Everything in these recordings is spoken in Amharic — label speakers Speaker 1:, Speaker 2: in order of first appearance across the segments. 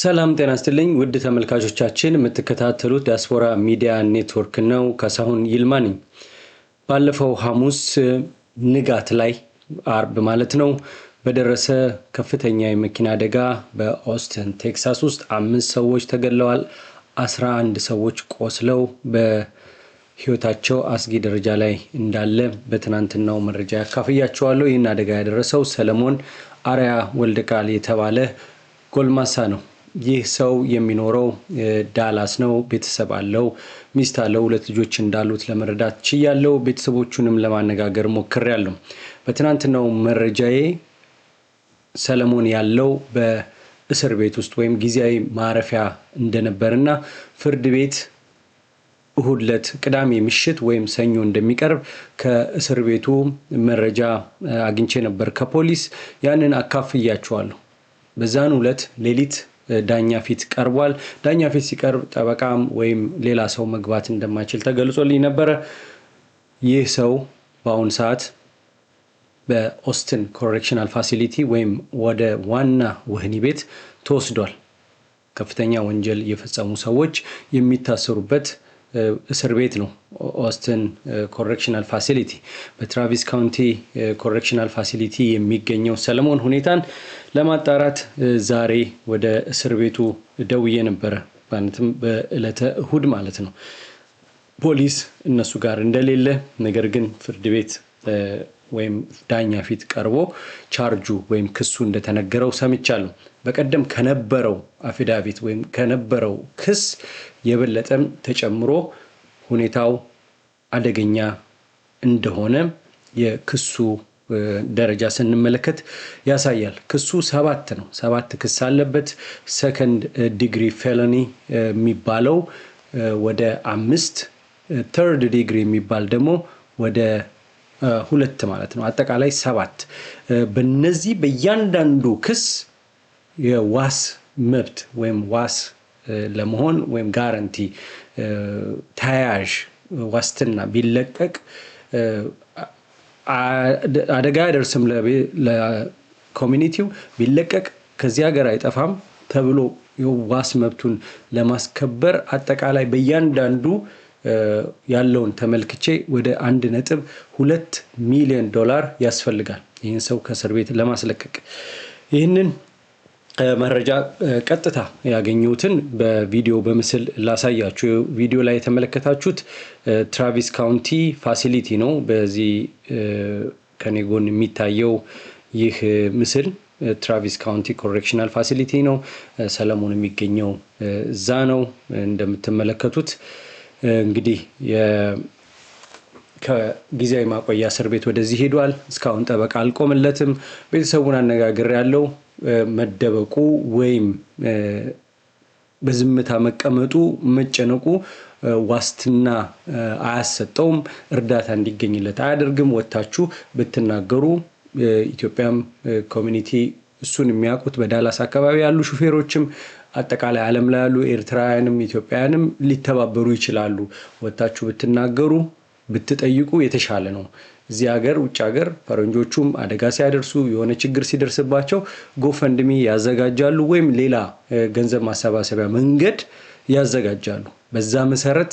Speaker 1: ሰላም ጤና ስትልኝ ውድ ተመልካቾቻችን፣ የምትከታተሉት ዲያስፖራ ሚዲያ ኔትወርክ ነው። ካሳሁን ይልማ ነኝ። ባለፈው ሐሙስ ንጋት ላይ አርብ ማለት ነው በደረሰ ከፍተኛ የመኪና አደጋ በኦስትን ቴክሳስ ውስጥ አምስት ሰዎች ተገለዋል አስራ አንድ ሰዎች ቆስለው በህይወታቸው አስጊ ደረጃ ላይ እንዳለ በትናንትናው መረጃ ያካፍያቸዋለሁ። ይህን አደጋ ያደረሰው ሰለሞን አርያ ቃል የተባለ ጎልማሳ ነው። ይህ ሰው የሚኖረው ዳላስ ነው። ቤተሰብ አለው፣ ሚስት አለው፣ ሁለት ልጆች እንዳሉት ለመረዳት ችያለው። ቤተሰቦቹንም ለማነጋገር ሞክሬያለሁ። በትናንትናው መረጃዬ ሰለሞን ያለው በእስር ቤት ውስጥ ወይም ጊዜያዊ ማረፊያ እንደነበርና ፍርድ ቤት እሁድ ዕለት ቅዳሜ ምሽት ወይም ሰኞ እንደሚቀርብ ከእስር ቤቱ መረጃ አግኝቼ ነበር ከፖሊስ ያንን አካፍያቸዋለሁ። በዛን ዕለት ሌሊት ዳኛ ፊት ቀርቧል። ዳኛ ፊት ሲቀርብ ጠበቃም ወይም ሌላ ሰው መግባት እንደማይችል ተገልጾልኝ ነበረ። ይህ ሰው በአሁኑ ሰዓት በኦስትን ኮሬክሽናል ፋሲሊቲ ወይም ወደ ዋና ወህኒ ቤት ተወስዷል። ከፍተኛ ወንጀል የፈጸሙ ሰዎች የሚታሰሩበት እስር ቤት ነው። ኦስትን ኮሬክሽናል ፋሲሊቲ በትራቪስ ካውንቲ ኮሬክሽናል ፋሲሊቲ የሚገኘው ሰለሞን ሁኔታን ለማጣራት ዛሬ ወደ እስር ቤቱ ደውዬ ነበረ። ማለትም በዕለተ እሁድ ማለት ነው። ፖሊስ እነሱ ጋር እንደሌለ ነገር ግን ፍርድ ቤት ወይም ዳኛ ፊት ቀርቦ ቻርጁ ወይም ክሱ እንደተነገረው ሰምቻለሁ። በቀደም ከነበረው አፊዳቪት ወይም ከነበረው ክስ የበለጠም ተጨምሮ ሁኔታው አደገኛ እንደሆነ የክሱ ደረጃ ስንመለከት ያሳያል። ክሱ ሰባት ነው። ሰባት ክስ አለበት። ሰከንድ ዲግሪ ፌሎኒ የሚባለው ወደ አምስት፣ ተርድ ዲግሪ የሚባል ደግሞ ወደ ሁለት ማለት ነው። አጠቃላይ ሰባት። በነዚህ በእያንዳንዱ ክስ የዋስ መብት ወይም ዋስ ለመሆን ወይም ጋረንቲ ተያያዥ ዋስትና ቢለቀቅ አደጋ አይደርስም ለኮሚኒቲው፣ ቢለቀቅ ከዚህ ሀገር አይጠፋም ተብሎ የዋስ መብቱን ለማስከበር አጠቃላይ በእያንዳንዱ ያለውን ተመልክቼ ወደ አንድ ነጥብ ሁለት ሚሊዮን ዶላር ያስፈልጋል ይህን ሰው ከእስር ቤት ለማስለቀቅ ይህንን መረጃ ቀጥታ ያገኘሁትን በቪዲዮ በምስል ላሳያችሁ። ቪዲዮ ላይ የተመለከታችሁት ትራቪስ ካውንቲ ፋሲሊቲ ነው። በዚህ ከኔ ጎን የሚታየው ይህ ምስል ትራቪስ ካውንቲ ኮሬክሽናል ፋሲሊቲ ነው። ሰለሞን የሚገኘው እዛ ነው። እንደምትመለከቱት እንግዲህ ከጊዜያዊ ማቆያ እስር ቤት ወደዚህ ሄዷል። እስካሁን ጠበቃ አልቆምለትም። ቤተሰቡን አነጋግር ያለው መደበቁ ወይም በዝምታ መቀመጡ መጨነቁ ዋስትና አያሰጠውም፣ እርዳታ እንዲገኝለት አያደርግም። ወታችሁ ብትናገሩ ኢትዮጵያም ኮሚኒቲ እሱን የሚያውቁት በዳላስ አካባቢ ያሉ ሹፌሮችም አጠቃላይ ዓለም ላይ ያሉ ኤርትራውያንም ኢትዮጵያውያንም ሊተባበሩ ይችላሉ። ወታችሁ ብትናገሩ ብትጠይቁ የተሻለ ነው። እዚህ ሀገር ውጭ ሀገር ፈረንጆቹም አደጋ ሲያደርሱ የሆነ ችግር ሲደርስባቸው ጎፈንድሚ ያዘጋጃሉ ወይም ሌላ ገንዘብ ማሰባሰቢያ መንገድ ያዘጋጃሉ። በዛ መሰረት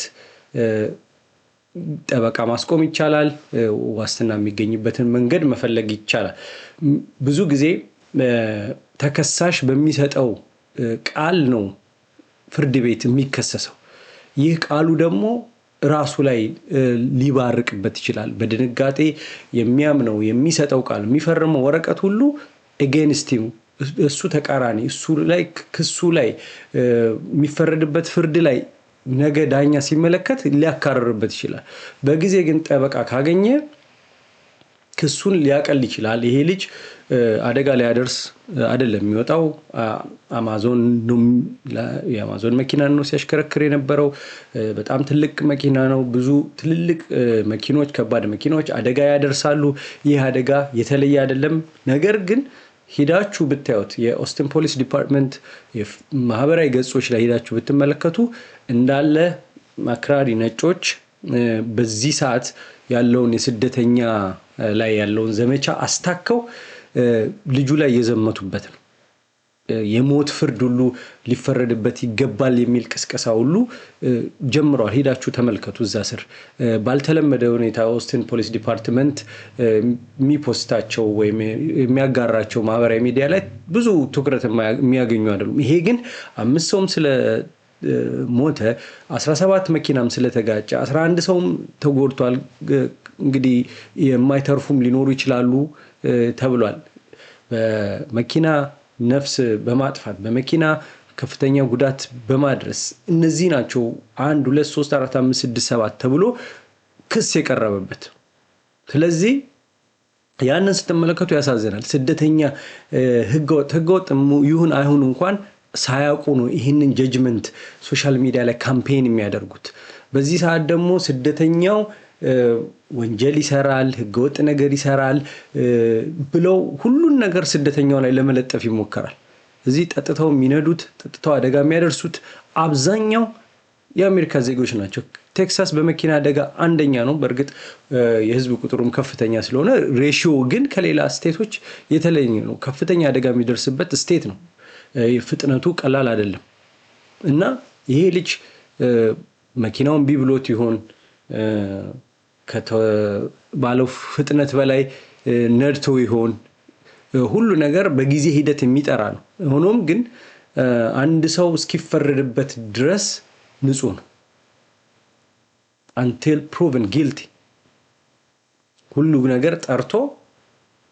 Speaker 1: ጠበቃ ማስቆም ይቻላል። ዋስትና የሚገኝበትን መንገድ መፈለግ ይቻላል። ብዙ ጊዜ ተከሳሽ በሚሰጠው ቃል ነው ፍርድ ቤት የሚከሰሰው። ይህ ቃሉ ደግሞ ራሱ ላይ ሊባርቅበት ይችላል። በድንጋጤ የሚያምነው የሚሰጠው ቃል የሚፈርመው ወረቀት ሁሉ ኤጌንስቲም እሱ ተቃራኒ እሱ ላይ ክሱ ላይ የሚፈረድበት ፍርድ ላይ ነገ ዳኛ ሲመለከት ሊያካርርበት ይችላል። በጊዜ ግን ጠበቃ ካገኘ ክሱን ሊያቀል ይችላል። ይሄ ልጅ አደጋ ሊያደርስ አይደለም የሚወጣው። የአማዞን መኪና ነው ሲያሽከረክር የነበረው። በጣም ትልቅ መኪና ነው። ብዙ ትልልቅ መኪኖች፣ ከባድ መኪናዎች አደጋ ያደርሳሉ። ይህ አደጋ የተለየ አይደለም። ነገር ግን ሂዳችሁ ብታዩት የኦስትን ፖሊስ ዲፓርትመንት ማህበራዊ ገጾች ላይ ሂዳችሁ ብትመለከቱ እንዳለ አክራሪ ነጮች በዚህ ሰዓት ያለውን የስደተኛ ላይ ያለውን ዘመቻ አስታከው ልጁ ላይ የዘመቱበት ነው። የሞት ፍርድ ሁሉ ሊፈረድበት ይገባል የሚል ቅስቀሳ ሁሉ ጀምረዋል። ሄዳችሁ ተመልከቱ። እዛ ስር ባልተለመደ ሁኔታ ኦስትን ፖሊስ ዲፓርትመንት የሚፖስታቸው ወይም የሚያጋራቸው ማህበራዊ ሚዲያ ላይ ብዙ ትኩረት የሚያገኙ አይደሉም። ይሄ ግን አምስት ሰውም ስለ ሞተ፣ 17 መኪናም ስለተጋጨ 11 ሰውም ተጎድቷል። እንግዲህ የማይተርፉም ሊኖሩ ይችላሉ ተብሏል። በመኪና ነፍስ በማጥፋት በመኪና ከፍተኛ ጉዳት በማድረስ እነዚህ ናቸው አንድ ሁለት ሶስት አራት አምስት ስድስት ሰባት ተብሎ ክስ የቀረበበት። ስለዚህ ያንን ስትመለከቱ ያሳዝናል። ስደተኛ ህገወጥ ህገወጥ ይሁን አይሁን እንኳን ሳያውቁ ነው ይህንን ጀጅመንት ሶሻል ሚዲያ ላይ ካምፔን የሚያደርጉት። በዚህ ሰዓት ደግሞ ስደተኛው ወንጀል ይሰራል፣ ህገወጥ ነገር ይሰራል ብለው ሁሉን ነገር ስደተኛው ላይ ለመለጠፍ ይሞከራል። እዚህ ጠጥተው የሚነዱት ጠጥተው አደጋ የሚያደርሱት አብዛኛው የአሜሪካ ዜጎች ናቸው። ቴክሳስ በመኪና አደጋ አንደኛ ነው። በእርግጥ የህዝብ ቁጥሩም ከፍተኛ ስለሆነ ሬሽዮ ግን ከሌላ ስቴቶች የተለየ ነው። ከፍተኛ አደጋ የሚደርስበት ስቴት ነው። ፍጥነቱ ቀላል አይደለም እና ይሄ ልጅ መኪናውን ቢብሎት ይሆን ባለው ፍጥነት በላይ ነድቶ ይሆን? ሁሉ ነገር በጊዜ ሂደት የሚጠራ ነው። ሆኖም ግን አንድ ሰው እስኪፈረድበት ድረስ ንጹህ ነው። አንቴል ፕሮቨን ጊልቲ ሁሉ ነገር ጠርቶ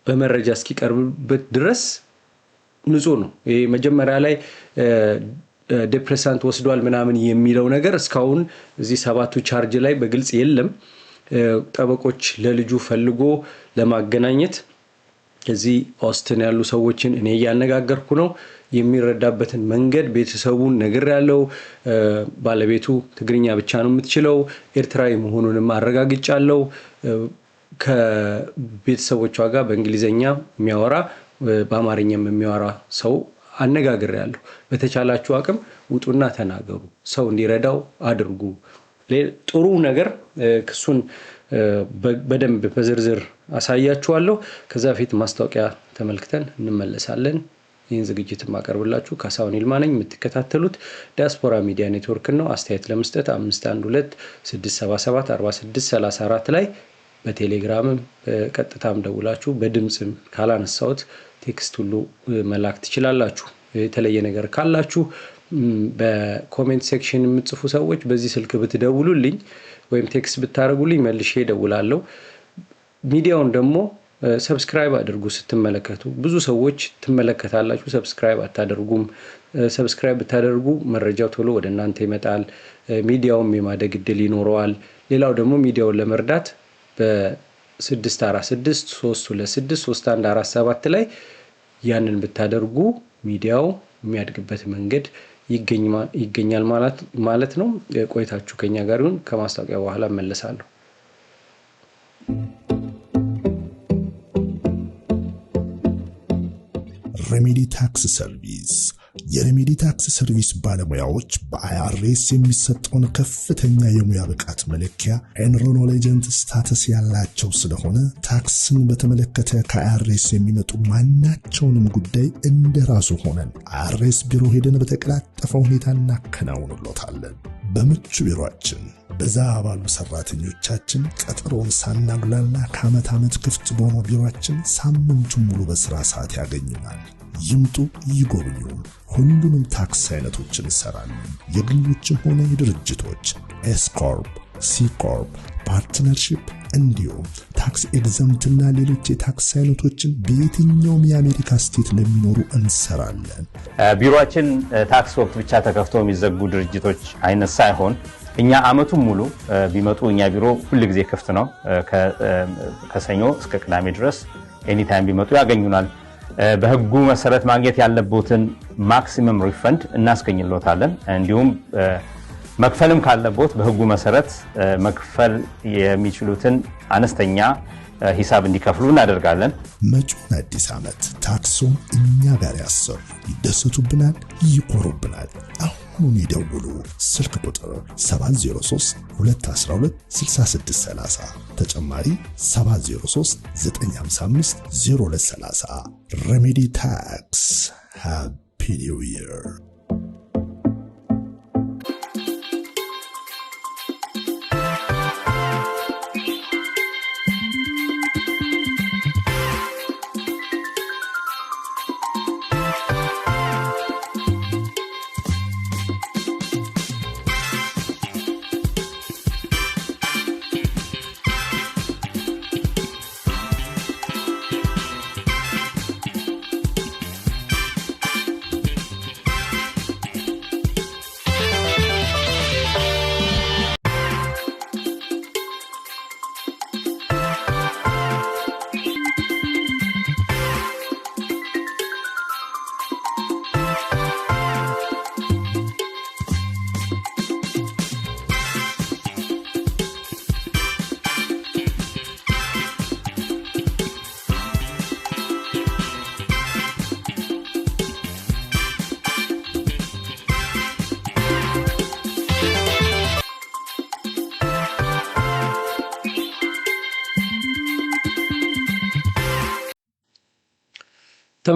Speaker 1: በመረጃ እስኪቀርብበት ድረስ ንጹህ ነው። ይሄ መጀመሪያ ላይ ዴፕሬሳንት ወስዷል ምናምን የሚለው ነገር እስካሁን እዚህ ሰባቱ ቻርጅ ላይ በግልጽ የለም። ጠበቆች ለልጁ ፈልጎ ለማገናኘት እዚህ ኦስትን ያሉ ሰዎችን እኔ እያነጋገርኩ ነው። የሚረዳበትን መንገድ ቤተሰቡን ያለው ባለቤቱ ትግርኛ ብቻ ነው የምትችለው፣ ኤርትራዊ መሆኑንም አረጋግጫለው። ከቤተሰቦቿ ጋር በእንግሊዝኛ የሚያወራ በአማርኛም የሚያወራ ሰው ያለሁ። በተቻላችሁ አቅም ውጡና ተናገሩ፣ ሰው እንዲረዳው አድርጉ። ጥሩ ነገር ክሱን በደንብ በዝርዝር አሳያችኋለሁ። ከዛ በፊት ማስታወቂያ ተመልክተን እንመለሳለን። ይህን ዝግጅት የማቀርብላችሁ ካሳሁን ይልማ ነኝ። የምትከታተሉት ዲያስፖራ ሚዲያ ኔትወርክን ነው። አስተያየት ለመስጠት 512 677 4634 ላይ በቴሌግራምም በቀጥታም ደውላችሁ በድምፅም ካላነሳሁት ቴክስት ሁሉ መላክ ትችላላችሁ። የተለየ ነገር ካላችሁ በኮሜንት ሴክሽን የምትጽፉ ሰዎች በዚህ ስልክ ብትደውሉልኝ ወይም ቴክስት ብታደርጉልኝ መልሼ እደውላለሁ። ሚዲያውን ደግሞ ሰብስክራይብ አድርጉ። ስትመለከቱ ብዙ ሰዎች ትመለከታላችሁ፣ ሰብስክራይብ አታደርጉም። ሰብስክራይብ ብታደርጉ መረጃው ቶሎ ወደ እናንተ ይመጣል፣ ሚዲያውም የማደግ እድል ይኖረዋል። ሌላው ደግሞ ሚዲያውን ለመርዳት በ646 326 3147 ላይ ያንን ብታደርጉ ሚዲያው የሚያድግበት መንገድ ይገኛል ማለት ነው። ቆይታችሁ ከኛ ጋር ይሁን። ከማስታወቂያ በኋላ መለሳለሁ። ።
Speaker 2: ሬሜዲ ታክስ ሰርቪስ የሬሜዲ ታክስ ሰርቪስ ባለሙያዎች በአይአርኤስ የሚሰጠውን ከፍተኛ የሙያ ብቃት መለኪያ ኤንሮኖሌጀንት ስታተስ ያላቸው ስለሆነ ታክስን በተመለከተ ከአይአርኤስ የሚመጡ ማናቸውንም ጉዳይ እንደራሱ ሆነን አይአርኤስ ቢሮ ሄደን በተቀላጠፈ ሁኔታ እናከናውንሎታለን። በምቹ ቢሮችን በዛ ባሉ ሰራተኞቻችን ቀጠሮን ሳናጉላላ ከዓመት ዓመት ክፍት በሆነው ቢሮችን ሳምንቱ ሙሉ በስራ ሰዓት ያገኙናል። ይምጡ፣ ይጎብኙ። ሁሉንም ታክስ አይነቶችን እንሰራለን። የግሎችም ሆነ የድርጅቶች ኤስኮርፕ፣ ሲኮርፕ፣ ፓርትነርሺፕ እንዲሁም ታክስ ኤግዘምትና ሌሎች የታክስ አይነቶችን በየትኛውም የአሜሪካ ስቴት ለሚኖሩ እንሰራለን።
Speaker 3: ቢሮችን ታክስ ወቅት ብቻ ተከፍቶ የሚዘጉ ድርጅቶች አይነት ሳይሆን እኛ አመቱን ሙሉ ቢመጡ እኛ ቢሮ ሁል ጊዜ ክፍት ነው። ከሰኞ እስከ ቅዳሜ ድረስ ኤኒታይም ቢመጡ ያገኙናል። በህጉ መሰረት ማግኘት ያለቦትን ማክሲመም ሪፈንድ እናስገኝሎታለን። እንዲሁም መክፈልም ካለቦት በህጉ መሰረት መክፈል የሚችሉትን አነስተኛ ሂሳብ እንዲከፍሉ እናደርጋለን።
Speaker 2: መጪውን አዲስ ዓመት ታክሶን እኛ ጋር ያሰሩ ይደሰቱብናል፣ ይኮሩብናል። አሁን አሁኑን ይደውሉ። ስልክ ቁጥር 703 212 6630 ተጨማሪ 703 955 0230 ሬሜዲ ታክስ ሃፒ ኒው ይር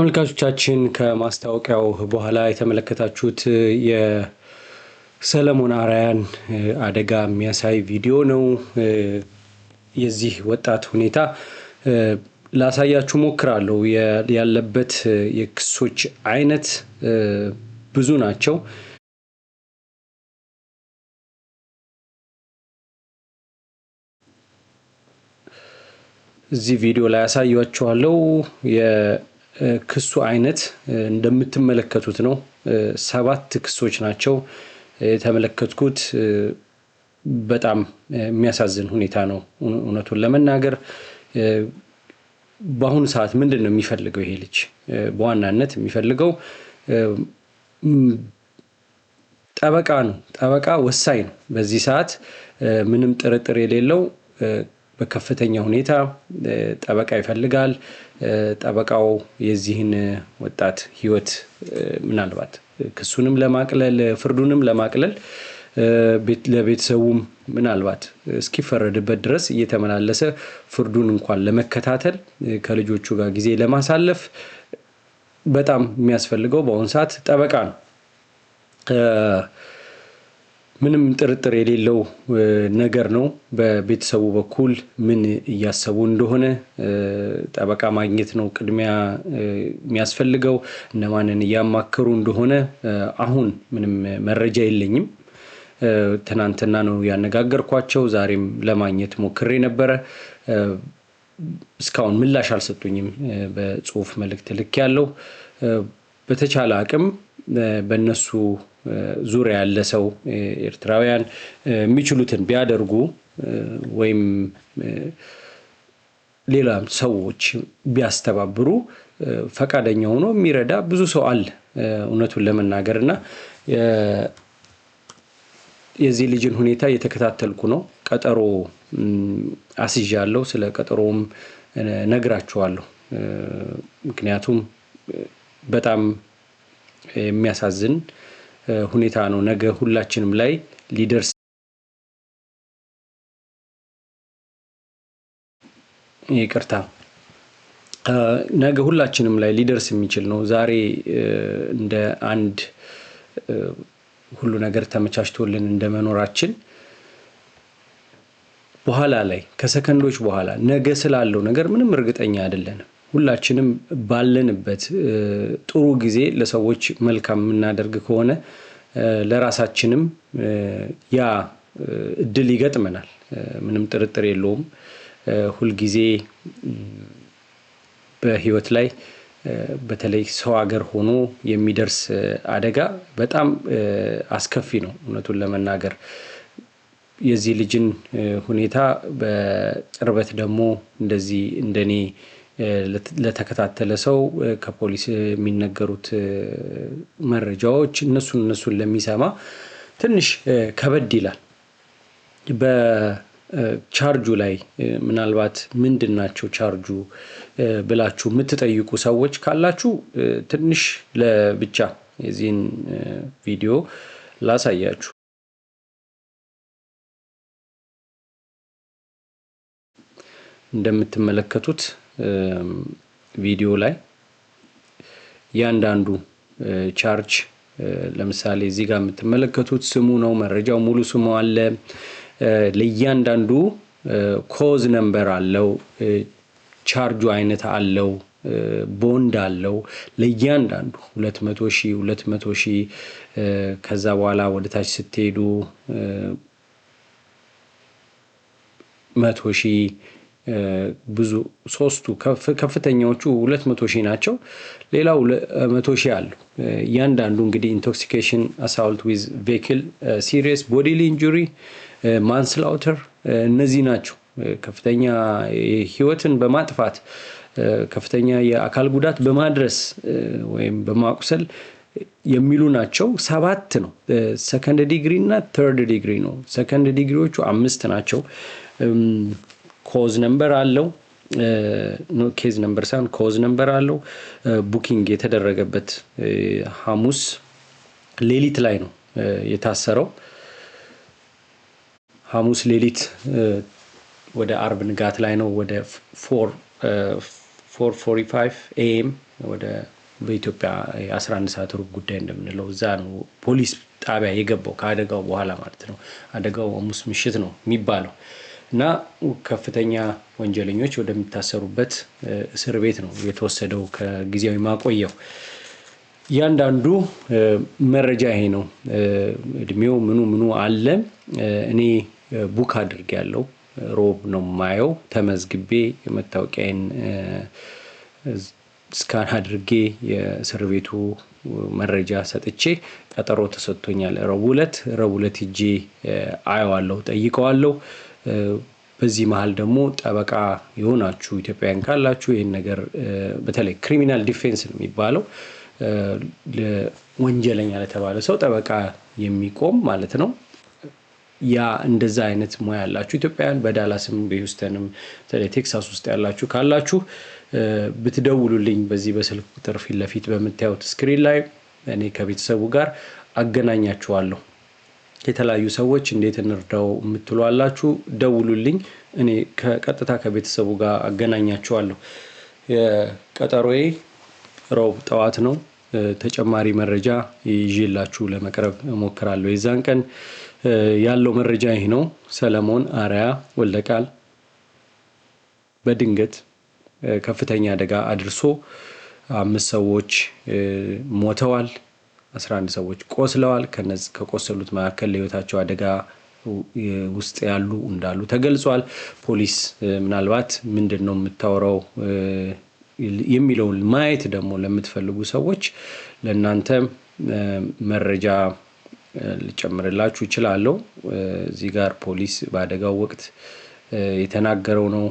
Speaker 1: ተመልካቾቻችን ከማስታወቂያው በኋላ የተመለከታችሁት የሰለሞን አራያን አደጋ የሚያሳይ ቪዲዮ ነው። የዚህ ወጣት ሁኔታ ላሳያችሁ ሞክራለሁ። ያለበት የክሶች አይነት ብዙ ናቸው። እዚህ ቪዲዮ ላይ ያሳያችኋለሁ። ክሱ አይነት እንደምትመለከቱት ነው። ሰባት ክሶች ናቸው የተመለከትኩት። በጣም የሚያሳዝን ሁኔታ ነው እውነቱን ለመናገር። በአሁኑ ሰዓት ምንድን ነው የሚፈልገው ይሄ ልጅ? በዋናነት የሚፈልገው ጠበቃ ነው። ጠበቃ ወሳኝ ነው በዚህ ሰዓት ምንም ጥርጥር የሌለው በከፍተኛ ሁኔታ ጠበቃ ይፈልጋል። ጠበቃው የዚህን ወጣት ህይወት ምናልባት ክሱንም ለማቅለል ፍርዱንም ለማቅለል ለቤተሰቡም ምናልባት እስኪፈረድበት ድረስ እየተመላለሰ ፍርዱን እንኳን ለመከታተል ከልጆቹ ጋር ጊዜ ለማሳለፍ በጣም የሚያስፈልገው በአሁኑ ሰዓት ጠበቃ ነው። ምንም ጥርጥር የሌለው ነገር ነው። በቤተሰቡ በኩል ምን እያሰቡ እንደሆነ ጠበቃ ማግኘት ነው ቅድሚያ የሚያስፈልገው። እነማንን እያማከሩ እንደሆነ አሁን ምንም መረጃ የለኝም። ትናንትና ነው ያነጋገርኳቸው። ዛሬም ለማግኘት ሞክሬ ነበረ። እስካሁን ምላሽ አልሰጡኝም። በጽሁፍ መልእክት ልክ ያለው በተቻለ አቅም በእነሱ ዙሪያ ያለ ሰው ኤርትራውያን የሚችሉትን ቢያደርጉ ወይም ሌላ ሰዎች ቢያስተባብሩ ፈቃደኛ ሆኖ የሚረዳ ብዙ ሰው አለ። እውነቱን ለመናገር እና የዚህ ልጅን ሁኔታ እየተከታተልኩ ነው። ቀጠሮ አለው ስለ ቀጠሮውም ነግራችኋለሁ። ምክንያቱም በጣም የሚያሳዝን ሁኔታ ነው ነገ ሁላችንም ላይ ሊደርስ ይቅርታ ነገ ሁላችንም ላይ ሊደርስ የሚችል ነው። ዛሬ እንደ አንድ ሁሉ ነገር ተመቻችቶልን እንደ መኖራችን በኋላ ላይ ከሰከንዶች በኋላ ነገ ስላለው ነገር ምንም እርግጠኛ አይደለንም። ሁላችንም ባለንበት ጥሩ ጊዜ ለሰዎች መልካም የምናደርግ ከሆነ ለራሳችንም ያ እድል ይገጥመናል። ምንም ጥርጥር የለውም። ሁልጊዜ በህይወት ላይ በተለይ ሰው ሀገር ሆኖ የሚደርስ አደጋ በጣም አስከፊ ነው። እውነቱን ለመናገር የዚህ ልጅን ሁኔታ በቅርበት ደግሞ እንደዚህ እንደኔ ለተከታተለ ሰው ከፖሊስ የሚነገሩት መረጃዎች እነሱን እነሱን ለሚሰማ ትንሽ ከበድ ይላል። በቻርጁ ላይ ምናልባት ምንድን ናቸው ቻርጁ ብላችሁ የምትጠይቁ ሰዎች ካላችሁ ትንሽ ለብቻ የዚህን ቪዲዮ ላሳያችሁ። እንደምትመለከቱት ቪዲዮ ላይ እያንዳንዱ ቻርጅ ለምሳሌ እዚህ ጋር የምትመለከቱት ስሙ ነው። መረጃው ሙሉ ስሙ አለ። ለእያንዳንዱ ኮዝ ነምበር አለው። ቻርጁ አይነት አለው። ቦንድ አለው ለእያንዳንዱ 200 ሺህ 200 ሺህ ከዛ በኋላ ወደ ታች ስትሄዱ መቶ ሺህ ብዙ ሶስቱ ከፍተኛዎቹ ሁለት መቶ ሺህ ናቸው። ሌላው መቶ ሺህ አሉ። እያንዳንዱ እንግዲህ ኢንቶክሲኬሽን፣ አሳልት ዊዝ ቬክል፣ ሲሪየስ ቦዲሊ ኢንጁሪ፣ ማንስላውተር እነዚህ ናቸው ከፍተኛ ህይወትን በማጥፋት ከፍተኛ የአካል ጉዳት በማድረስ ወይም በማቁሰል የሚሉ ናቸው። ሰባት ነው። ሰከንድ ዲግሪ እና ተርድ ዲግሪ ነው። ሰከንድ ዲግሪዎቹ አምስት ናቸው። ኮዝ ነምበር አለው ኬዝ ነምበር ሳይሆን ኮዝ ነምበር አለው። ቡኪንግ የተደረገበት ሐሙስ ሌሊት ላይ ነው የታሰረው። ሐሙስ ሌሊት ወደ አርብ ንጋት ላይ ነው ወደ ኤም ወደ በኢትዮጵያ 11 ሰዓት ሩብ ጉዳይ እንደምንለው እዛ ነው ፖሊስ ጣቢያ የገባው ከአደጋው በኋላ ማለት ነው። አደጋው ሐሙስ ምሽት ነው የሚባለው። እና ከፍተኛ ወንጀለኞች ወደሚታሰሩበት እስር ቤት ነው የተወሰደው ከጊዜያዊ ማቆየው። እያንዳንዱ መረጃ ይሄ ነው። እድሜው ምኑ ምኑ አለ። እኔ ቡክ አድርግ ያለው ሮብ ነው ማየው ተመዝግቤ መታወቂያን ስካን አድርጌ የእስር ቤቱ መረጃ ሰጥቼ ቀጠሮ ተሰጥቶኛል። ረቡዕ ዕለት ረቡዕ ዕለት ሂጄ አየዋለሁ፣ ጠይቀዋለሁ። በዚህ መሀል ደግሞ ጠበቃ የሆናችሁ ኢትዮጵያውያን ካላችሁ ይህን ነገር በተለይ ክሪሚናል ዲፌንስ ነው የሚባለው ወንጀለኛ ለተባለ ሰው ጠበቃ የሚቆም ማለት ነው። ያ እንደዛ አይነት ሙያ ያላችሁ ኢትዮጵያውያን በዳላስም በሂውስተንም በተለይ ቴክሳስ ውስጥ ያላችሁ ካላችሁ ብትደውሉልኝ በዚህ በስልክ ቁጥር ፊት ለፊት በምታዩት ስክሪን ላይ እኔ ከቤተሰቡ ጋር አገናኛችኋለሁ። የተለያዩ ሰዎች እንዴት እንርዳው የምትሉ አላችሁ፣ ደውሉልኝ። እኔ ከቀጥታ ከቤተሰቡ ጋር አገናኛችኋለሁ። የቀጠሮዬ ረቡዕ ጠዋት ነው። ተጨማሪ መረጃ ይዤላችሁ ለመቅረብ እሞክራለሁ። የዛን ቀን ያለው መረጃ ይህ ነው። ሰለሞን አርያ ወልደ ቃል በድንገት ከፍተኛ አደጋ አድርሶ አምስት ሰዎች ሞተዋል። 11 ሰዎች ቆስለዋል። ከነዚህ ከቆሰሉት መካከል ለህይወታቸው አደጋ ውስጥ ያሉ እንዳሉ ተገልጿል። ፖሊስ ምናልባት ምንድን ነው የምታወራው የሚለውን ማየት ደግሞ ለምትፈልጉ ሰዎች ለእናንተ መረጃ ልጨምርላችሁ እችላለሁ። እዚህ ጋር ፖሊስ በአደጋው ወቅት የተናገረው ነው።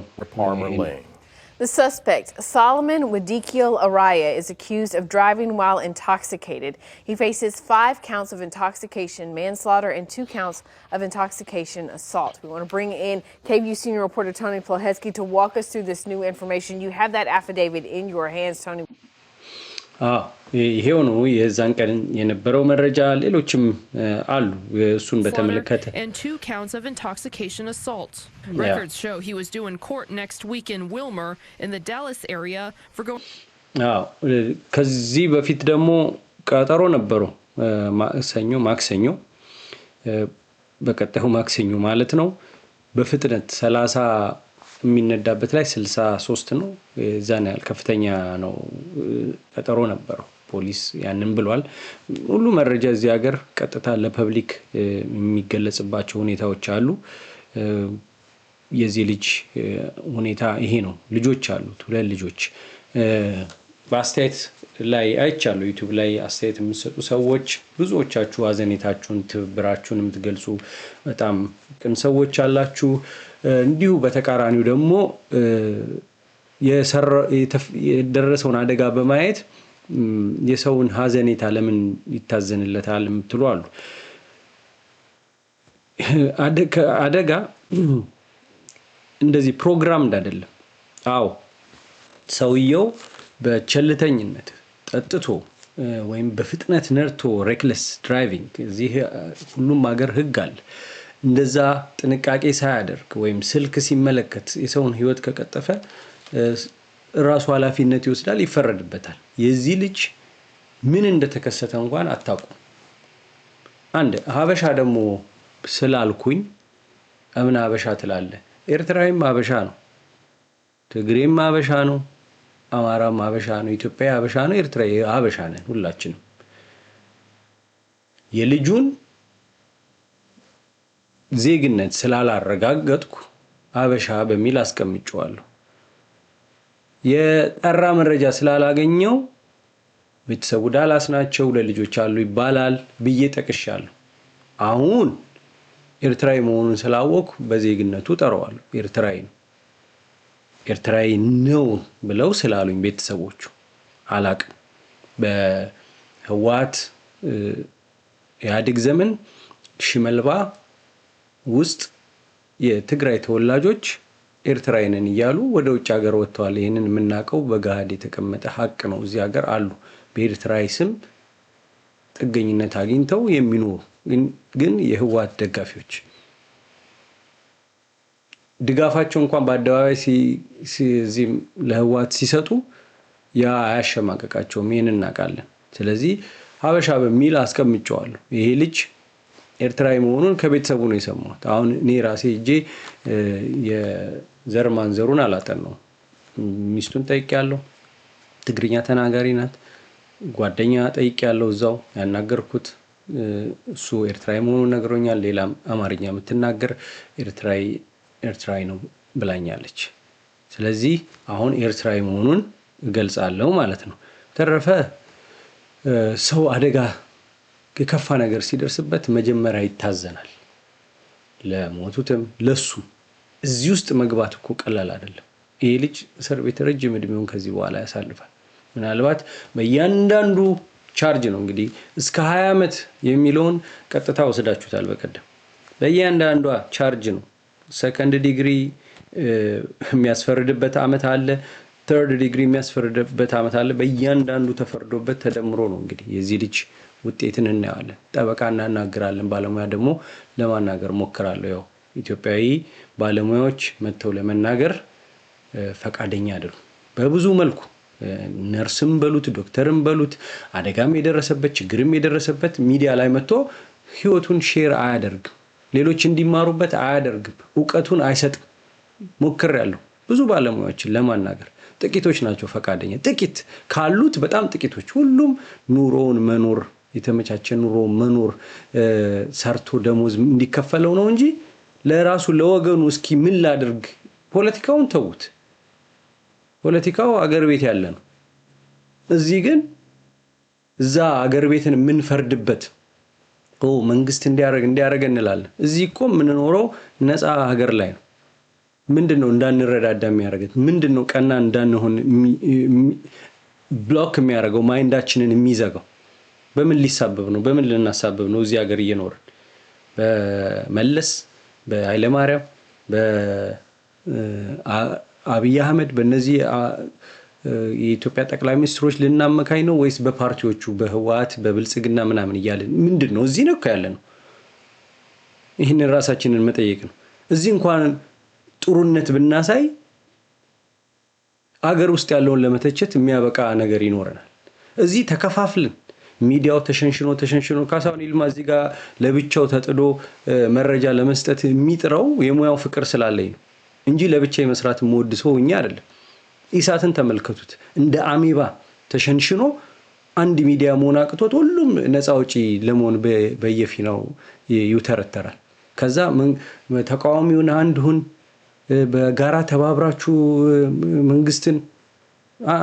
Speaker 4: The suspect, Solomon Wadikil Araya, is accused of driving while intoxicated. He faces five counts of intoxication, manslaughter, and two counts of intoxication assault. We want to bring in KVU senior reporter Tony Plohetsky to walk us through this new information. You have that affidavit in your hands, Tony.
Speaker 1: ይሄው ነው የዛን ቀን የነበረው መረጃ። ሌሎችም አሉ። እሱን በተመለከተ ከዚህ በፊት ደግሞ ቀጠሮ ነበረው ማክሰኞ ማክሰኞ በቀጣዩ ማክሰኞ ማለት ነው በፍጥነት ሰላሳ የሚነዳበት ላይ ስልሳ ሶስት ነው። ዛን ያህል ከፍተኛ ነው። ቀጠሮ ነበረው። ፖሊስ ያንን ብሏል። ሁሉ መረጃ እዚህ ሀገር ቀጥታ ለፐብሊክ የሚገለጽባቸው ሁኔታዎች አሉ። የዚህ ልጅ ሁኔታ ይሄ ነው። ልጆች አሉት፣ ሁለት ልጆች። በአስተያየት ላይ አይቻሉ ዩቱብ ላይ አስተያየት የምሰጡ ሰዎች ብዙዎቻችሁ አዘኔታችሁን ትብብራችሁን የምትገልጹ በጣም ቅን ሰዎች አላችሁ። እንዲሁ በተቃራኒው ደግሞ የደረሰውን አደጋ በማየት የሰውን ሀዘኔታ ለምን ይታዘንለታል የምትሉ አሉ። አደጋ እንደዚህ ፕሮግራም እንዳደለም አዎ ሰውየው በቸልተኝነት ጠጥቶ ወይም በፍጥነት ነርቶ ሬክለስ ድራይቪንግ እዚህ ሁሉም ሀገር ህግ አለ። እንደዛ ጥንቃቄ ሳያደርግ ወይም ስልክ ሲመለከት የሰውን ህይወት ከቀጠፈ ራሱ ኃላፊነት ይወስዳል፣ ይፈረድበታል። የዚህ ልጅ ምን እንደተከሰተ እንኳን አታውቁም። አንድ ሀበሻ ደግሞ ስላልኩኝ እምን ሀበሻ ትላለህ? ኤርትራዊም ሀበሻ ነው፣ ትግሬም ሀበሻ ነው፣ አማራም ሀበሻ ነው፣ ኢትዮጵያ ሀበሻ ነው፣ ኤርትራ ሀበሻ ነን ሁላችንም የልጁን ዜግነት ስላላረጋገጥኩ አበሻ በሚል አስቀምጨዋለሁ። የጠራ መረጃ ስላላገኘው ቤተሰቡ ዳላስ ናቸው፣ ለልጆች አሉ ይባላል ብዬ ጠቅሻለሁ። አሁን ኤርትራዊ መሆኑን ስላወቅኩ በዜግነቱ ጠራዋለሁ። ኤርትራዊ ነው ኤርትራዊ ነው ብለው ስላሉኝ ቤተሰቦቹ አላቅም። በህወሓት ኢህአዴግ ዘመን ሽመልባ ውስጥ የትግራይ ተወላጆች ኤርትራዊ እያሉ ወደ ውጭ ሀገር ወጥተዋል። ይህንን የምናውቀው በገሃድ የተቀመጠ ሀቅ ነው። እዚህ ሀገር አሉ በኤርትራዊ ስም ጥገኝነት አግኝተው የሚኖሩ ግን የህወሓት ደጋፊዎች ድጋፋቸው እንኳን በአደባባይ ለህወሓት ሲሰጡ ያ አያሸማቀቃቸውም። ይህን እናውቃለን። ስለዚህ ሀበሻ በሚል አስቀምጨዋለሁ። ይሄ ልጅ ኤርትራዊ መሆኑን ከቤተሰቡ ነው የሰማሁት። አሁን እኔ ራሴ እጄ የዘር ማንዘሩን አላጠን ነው። ሚስቱን ጠይቅ ያለው ትግርኛ ተናጋሪ ናት። ጓደኛ ጠይቅ ያለው እዛው ያናገርኩት እሱ ኤርትራዊ መሆኑን ነግሮኛል። ሌላም አማርኛ የምትናገር ኤርትራዊ ኤርትራዊ ነው ብላኛለች። ስለዚህ አሁን ኤርትራዊ መሆኑን እገልጻለሁ ማለት ነው። ተረፈ ሰው አደጋ የከፋ ነገር ሲደርስበት መጀመሪያ ይታዘናል። ለሞቱትም ለሱ እዚህ ውስጥ መግባት እኮ ቀላል አይደለም። ይህ ልጅ እስር ቤት ረጅም እድሜውን ከዚህ በኋላ ያሳልፋል። ምናልባት በእያንዳንዱ ቻርጅ ነው እንግዲህ እስከ ሀያ ዓመት የሚለውን ቀጥታ ወስዳችሁታል። በቀደም በእያንዳንዷ ቻርጅ ነው ሰከንድ ዲግሪ የሚያስፈርድበት ዓመት አለ። ተርድ ዲግሪ የሚያስፈርድበት ዓመት አለ። በእያንዳንዱ ተፈርዶበት ተደምሮ ነው እንግዲህ የዚህ ልጅ ውጤትን እናየዋለን። ጠበቃ እናናግራለን። ባለሙያ ደግሞ ለማናገር ሞክራለሁ። ያው ኢትዮጵያዊ ባለሙያዎች መጥተው ለመናገር ፈቃደኛ አይደሉም። በብዙ መልኩ ነርስም በሉት ዶክተርም በሉት አደጋም የደረሰበት ችግርም የደረሰበት ሚዲያ ላይ መጥቶ ህይወቱን ሼር አያደርግም። ሌሎች እንዲማሩበት አያደርግም። እውቀቱን አይሰጥም። ሞክሬያለሁ ብዙ ባለሙያዎችን ለማናገር ጥቂቶች ናቸው ፈቃደኛ። ጥቂት ካሉት በጣም ጥቂቶች። ሁሉም ኑሮውን መኖር የተመቻቸ ኑሮ መኖር ሰርቶ ደሞዝ እንዲከፈለው ነው እንጂ ለራሱ ለወገኑ እስኪ ምን ላድርግ፣ ፖለቲካውን ተዉት። ፖለቲካው አገር ቤት ያለ ነው። እዚህ ግን እዛ አገር ቤትን የምንፈርድበት መንግስት እንዲያደረግ እንላለን። እዚህ እኮ የምንኖረው ነፃ ሀገር ላይ ነው። ምንድን ነው እንዳንረዳዳ የሚያደርገን? ምንድን ነው ቀና እንዳንሆን ብሎክ የሚያደርገው ማይንዳችንን የሚዘጋው? በምን ሊሳበብ ነው? በምን ልናሳበብ ነው? እዚህ ሀገር እየኖርን በመለስ በኃይለማርያም በአብይ አህመድ በእነዚህ የኢትዮጵያ ጠቅላይ ሚኒስትሮች ልናመካኝ ነው ወይስ በፓርቲዎቹ በህወሓት በብልጽግና ምናምን እያለን ምንድን ነው? እዚህ ነው ያለ ነው። ይህንን ራሳችንን መጠየቅ ነው። እዚህ እንኳን ጥሩነት ብናሳይ አገር ውስጥ ያለውን ለመተቸት የሚያበቃ ነገር ይኖረናል። እዚህ ተከፋፍልን ሚዲያው ተሸንሽኖ ተሸንሽኖ ካሳሁን ይልማ እዚህ ጋር ለብቻው ተጥዶ መረጃ ለመስጠት የሚጥረው የሙያው ፍቅር ስላለኝ ነው እንጂ ለብቻ የመስራት የምወድ ሰው እኛ አይደለም። ኢሳትን ተመልከቱት። እንደ አሜባ ተሸንሽኖ አንድ ሚዲያ መሆን አቅቶት ሁሉም ነፃ ውጪ ለመሆን በየፊናው ይውተረተራል። ከዛ ተቃዋሚውን አንድ ሁን በጋራ ተባብራችሁ መንግስትን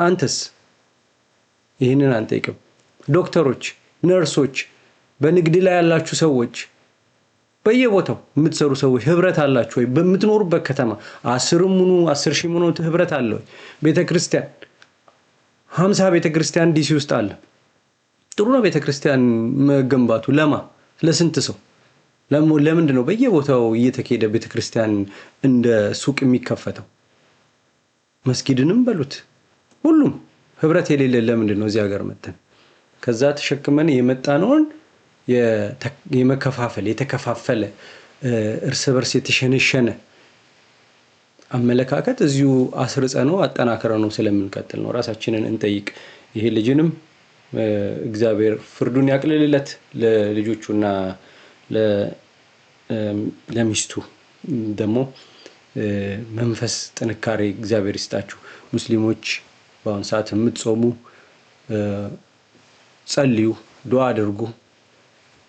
Speaker 1: አንተስ ይህንን አንጠይቅም። ዶክተሮች፣ ነርሶች፣ በንግድ ላይ ያላችሁ ሰዎች፣ በየቦታው የምትሰሩ ሰዎች ህብረት አላችሁ ወይ? በምትኖሩበት ከተማ አስር ሁኑ አስር ሺህ ምኑ ህብረት አለ ወይ? ቤተክርስቲያን ሀምሳ ቤተክርስቲያን ዲሲ ውስጥ አለ። ጥሩ ነው ቤተክርስቲያን መገንባቱ። ለማ ለስንት ሰው ለምንድ ነው በየቦታው እየተካሄደ ቤተክርስቲያን እንደ ሱቅ የሚከፈተው? መስጊድንም በሉት ሁሉም ህብረት የሌለን ለምንድ ነው እዚህ ሀገር መተን ከዛ ተሸክመን የመጣነውን የመከፋፈል የተከፋፈለ እርስ በርስ የተሸነሸነ አመለካከት እዚሁ አስርጸ ነው አጠናክረ ነው ስለምንቀጥል ነው። ራሳችንን እንጠይቅ። ይሄ ልጅንም እግዚአብሔር ፍርዱን ያቅልልለት ለልጆቹና ለሚስቱ ደግሞ መንፈስ ጥንካሬ እግዚአብሔር ይስጣችሁ። ሙስሊሞች በአሁኑ ሰዓት የምትጾሙ ጸልዩ፣ ዱዓ አድርጉ።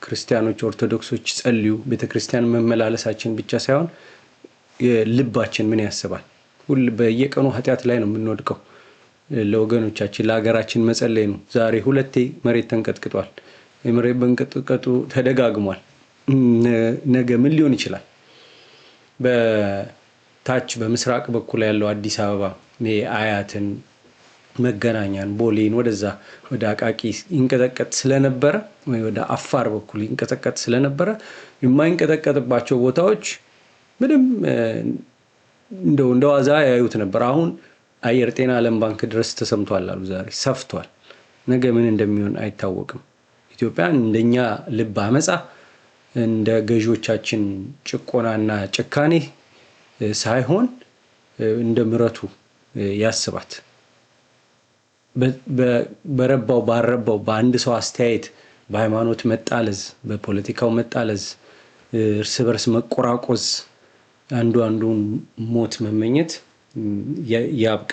Speaker 1: ክርስቲያኖች፣ ኦርቶዶክሶች ጸልዩ። ቤተ ክርስቲያን መመላለሳችን ብቻ ሳይሆን ልባችን ምን ያስባል? ሁል በየቀኑ ኃጢአት ላይ ነው የምንወድቀው። ለወገኖቻችን ለሀገራችን መጸለይ ነው። ዛሬ ሁለቴ መሬት ተንቀጥቅጧል። የመሬት መንቀጥቀጡ ተደጋግሟል። ነገ ምን ሊሆን ይችላል? በታች በምስራቅ በኩል ያለው አዲስ አበባ አያትን፣ መገናኛን፣ ቦሌን ወደዛ ወደ አቃቂ ይንቀጠቀጥ ስለነበረ ወይ ወደ አፋር በኩል ይንቀጠቀጥ ስለነበረ የማይንቀጠቀጥባቸው ቦታዎች ምንም እንደው እንደ ዋዛ ያዩት ነበር። አሁን አየር ጤና ዓለም ባንክ ድረስ ተሰምቷል አሉ። ዛሬ ሰፍቷል። ነገ ምን እንደሚሆን አይታወቅም። ኢትዮጵያ እንደኛ ልብ አመፃ እንደ ገዢዎቻችን ጭቆናና ጭካኔ ሳይሆን እንደ ምረቱ ያስባት። በረባው ባረባው በአንድ ሰው አስተያየት፣ በሃይማኖት መጣለዝ፣ በፖለቲካው መጣለዝ፣ እርስ በርስ መቆራቆዝ፣ አንዱ አንዱን ሞት መመኘት ያብቃ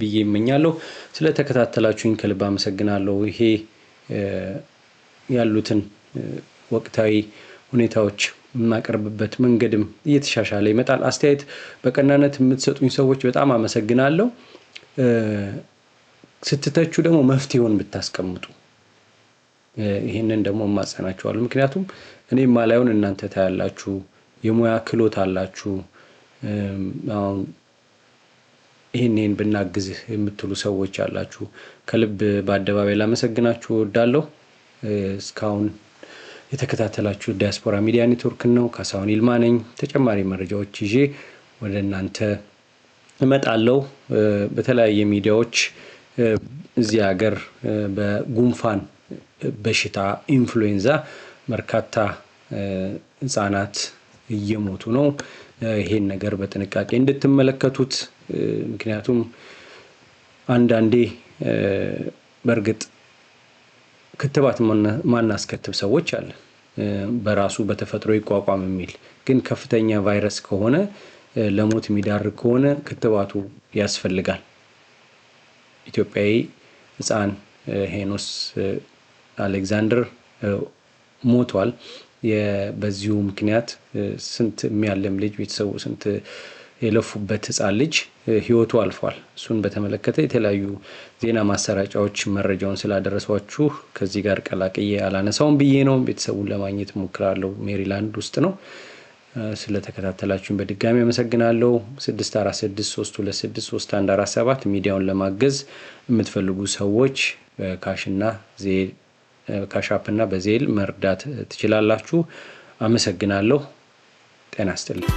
Speaker 1: ብዬ እመኛለሁ። ስለተከታተላችሁኝ ከልብ አመሰግናለሁ። ይሄ ያሉትን ወቅታዊ ሁኔታዎች የማቀርብበት መንገድም እየተሻሻለ ይመጣል። አስተያየት በቀናነት የምትሰጡኝ ሰዎች በጣም አመሰግናለሁ። ስትተቹ ደግሞ መፍትሄውን ብታስቀምጡ ይህንን ደግሞ እማጸናችኋለሁ። ምክንያቱም እኔ ማላየውን እናንተ ታያላችሁ፣ የሙያ ክሎት አላችሁ። አሁን ይህንን ብናግዝህ የምትሉ ሰዎች አላችሁ። ከልብ በአደባባይ ላመሰግናችሁ እወዳለሁ። እስካሁን የተከታተላችሁ ዲያስፖራ ሚዲያ ኔትወርክ ነው። ካሳሁን ይልማ ነኝ። ተጨማሪ መረጃዎች ይዤ ወደ እናንተ እመጣለሁ። በተለያየ ሚዲያዎች እዚህ ሀገር በጉንፋን በሽታ ኢንፍሉዌንዛ በርካታ ህጻናት እየሞቱ ነው። ይሄን ነገር በጥንቃቄ እንድትመለከቱት ምክንያቱም አንዳንዴ በእርግጥ ክትባት ማናስከትብ ሰዎች አለ በራሱ በተፈጥሮ ይቋቋም የሚል ግን ከፍተኛ ቫይረስ ከሆነ ለሞት የሚዳርግ ከሆነ ክትባቱ ያስፈልጋል። ኢትዮጵያዊ ህፃን ሄኖስ አሌክዛንደር ሞቷል። በዚሁ ምክንያት ስንት የሚያለም ልጅ ቤተሰቡ ስንት የለፉበት ህፃን ልጅ ህይወቱ አልፏል። እሱን በተመለከተ የተለያዩ ዜና ማሰራጫዎች መረጃውን ስላደረሷችሁ ከዚህ ጋር ቀላቅዬ አላነሳውን ብዬ ነው። ቤተሰቡን ለማግኘት ሞክራለሁ። ሜሪላንድ ውስጥ ነው። ስለተከታተላችሁን በድጋሚ አመሰግናለሁ። 6463263147 ሚዲያውን ለማገዝ የምትፈልጉ ሰዎች ካሽና ካሻፕና በዜል መርዳት ትችላላችሁ። አመሰግናለሁ። ጤና ይስጥልኝ።